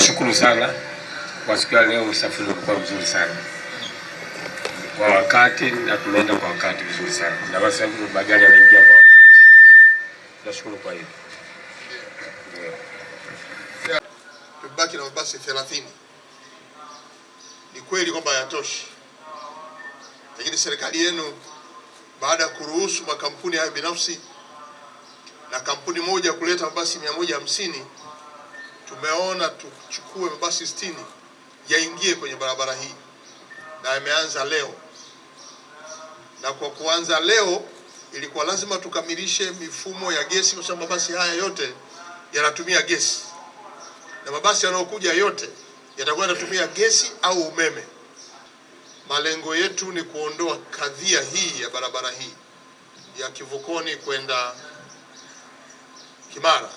Tunashukuru sana kwa siku ya leo, usafiri ulikuwa mzuri sana kwa wakati na tumeenda kwa wakati vizuri sana, na basi magari yanaingia kwa wakati. Tunashukuru kwa hiyo. Tubaki na mabasi 30. Ni kweli kwamba hayatoshi, lakini serikali yenu baada ya kuruhusu makampuni hayo binafsi na kampuni moja kuleta mabasi 150 tumeona tuchukue mabasi sitini yaingie kwenye barabara hii na yameanza leo, na kwa kuanza leo ilikuwa lazima tukamilishe mifumo ya gesi, kwa sababu mabasi haya yote yanatumia gesi na mabasi yanayokuja yote yatakuwa yanatumia gesi au umeme. Malengo yetu ni kuondoa kadhia hii ya barabara hii ya Kivukoni kwenda Kimara.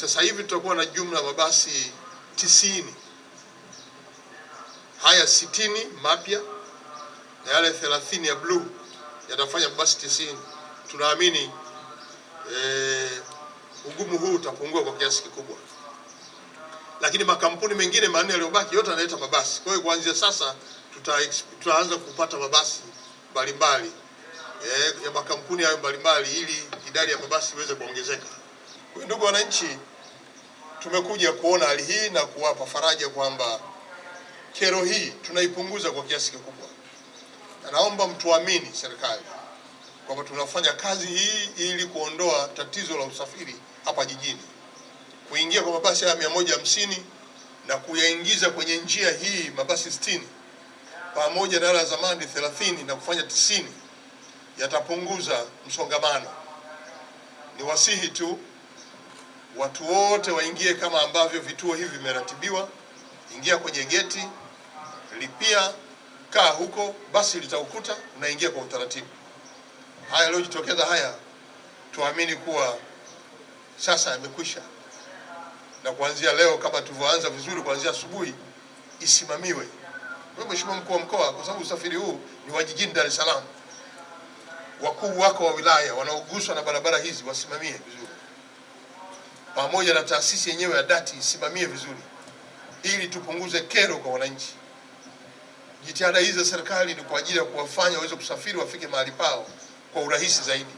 Sasa hivi tutakuwa na jumla mabasi tisini, haya sitini mapya na yale thelathini ya bluu yatafanya mabasi tisini. Tunaamini eh, ugumu huu utapungua kwa kiasi kikubwa, lakini makampuni mengine manne yaliyobaki yote yanaleta mabasi. Kwa hiyo kuanzia sasa tuta, tutaanza kupata mabasi mbalimbali eh, ya makampuni hayo mbalimbali ili idadi ya mabasi iweze kuongezeka. Ndugu wananchi tumekuja kuona hali hii na kuwapa faraja kwamba kero hii tunaipunguza kwa kiasi kikubwa, na naomba mtuamini serikali kwamba tunafanya kazi hii ili kuondoa tatizo la usafiri hapa jijini, kuingia kwa mabasi haya mia moja hamsini na kuyaingiza kwenye njia hii mabasi sitini pamoja na yale ya zamani thelathini na kufanya tisini yatapunguza msongamano. Ni wasihi tu watu wote waingie kama ambavyo vituo hivi vimeratibiwa. Ingia kwenye geti, lipia, kaa huko, basi litaukuta, unaingia kwa utaratibu. Haya yaliyojitokeza haya, tuamini kuwa sasa yamekwisha, na kuanzia leo kama tulivyoanza vizuri, kuanzia asubuhi isimamiwe. Mheshimiwa mkuu wa mkoa, kwa sababu usafiri huu ni wa jijini Dar es Salaam, wakuu wako wa wilaya wanaoguswa na barabara hizi wasimamie vizuri pamoja na taasisi yenyewe ya dati isimamie vizuri, ili tupunguze kero kwa wananchi. Jitihada hizi za serikali ni kwa ajili ya kuwafanya waweze kusafiri, wafike mahali pao kwa urahisi zaidi.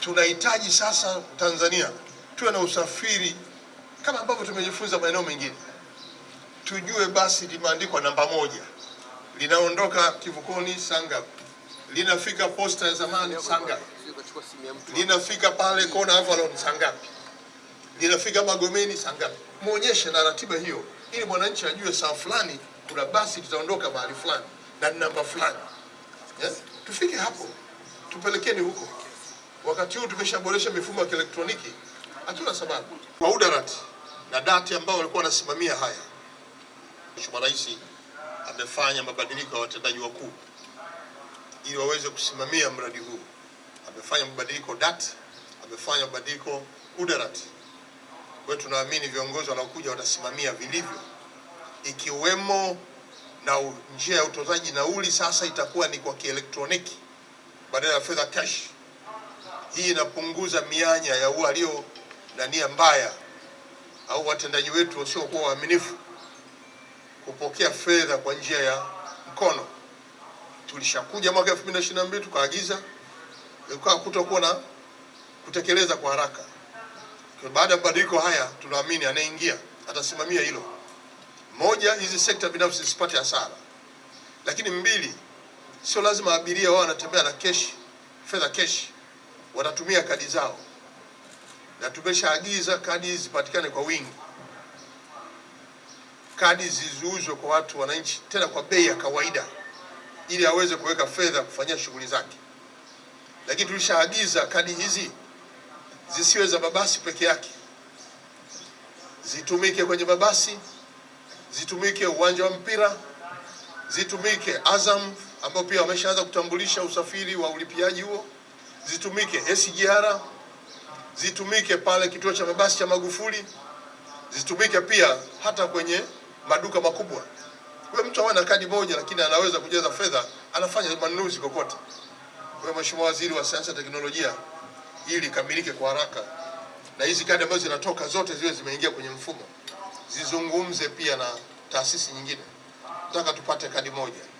Tunahitaji sasa Tanzania tuwe na usafiri kama ambavyo tumejifunza maeneo mengine. Tujue basi limeandikwa namba moja, linaondoka Kivukoni sanga, linafika posta ya zamani sanga, linafika pale kona Avalon sangapi? linafika Magomeni saa ngapi? Muonyeshe na ratiba hiyo, ili mwananchi ajue saa fulani kuna basi litaondoka mahali fulani na namba fulani yes? Eh? Tufike hapo, tupelekeni huko. Wakati huu tumeshaboresha mifumo ya kielektroniki, hatuna sababu. kwa Waudarat na dati ambao walikuwa wanasimamia haya, Mheshimiwa Rais amefanya mabadiliko ya watendaji wakuu ili waweze kusimamia mradi huu. Amefanya mabadiliko dati, amefanya mabadiliko udarat. Kwa hiyo tunaamini viongozi wanaokuja watasimamia vilivyo, ikiwemo na njia ya utozaji nauli. Sasa itakuwa ni kwa kielektroniki badala ya fedha cash. Hii inapunguza mianya ya walio na nia mbaya au watendaji wetu wasiokuwa waaminifu kupokea fedha kwa njia ya mkono. Tulishakuja mwaka 2022 tukaagiza, ilikuwa kutokuwa na kutekeleza kwa haraka. Baada ya mabadiliko haya, tunaamini anayeingia atasimamia hilo. Moja, hizi sekta binafsi zisipate hasara, lakini mbili, sio lazima abiria wao wanatembea na keshi, fedha keshi, watatumia kadi zao, na tumeshaagiza kadi zipatikane kwa wingi, kadi ziziuzwe kwa watu wananchi, tena kwa bei ya kawaida, ili aweze kuweka fedha kufanyia shughuli zake. Lakini tulishaagiza kadi hizi zisiwe za mabasi peke yake, zitumike kwenye mabasi, zitumike uwanja wa mpira, zitumike Azam ambao pia wameshaanza kutambulisha usafiri wa ulipiaji huo, zitumike SGR, zitumike pale kituo cha mabasi cha Magufuli, zitumike pia hata kwenye maduka makubwa. Kwa mtu hawana kadi moja, lakini anaweza kujaza fedha, anafanya manunuzi kokote. Kwa Mheshimiwa Waziri wa Sayansi na Teknolojia ili ikamilike kwa haraka, na hizi kadi ambazo zinatoka zote ziwe zimeingia kwenye mfumo, zizungumze pia na taasisi nyingine. Nataka tupate kadi moja.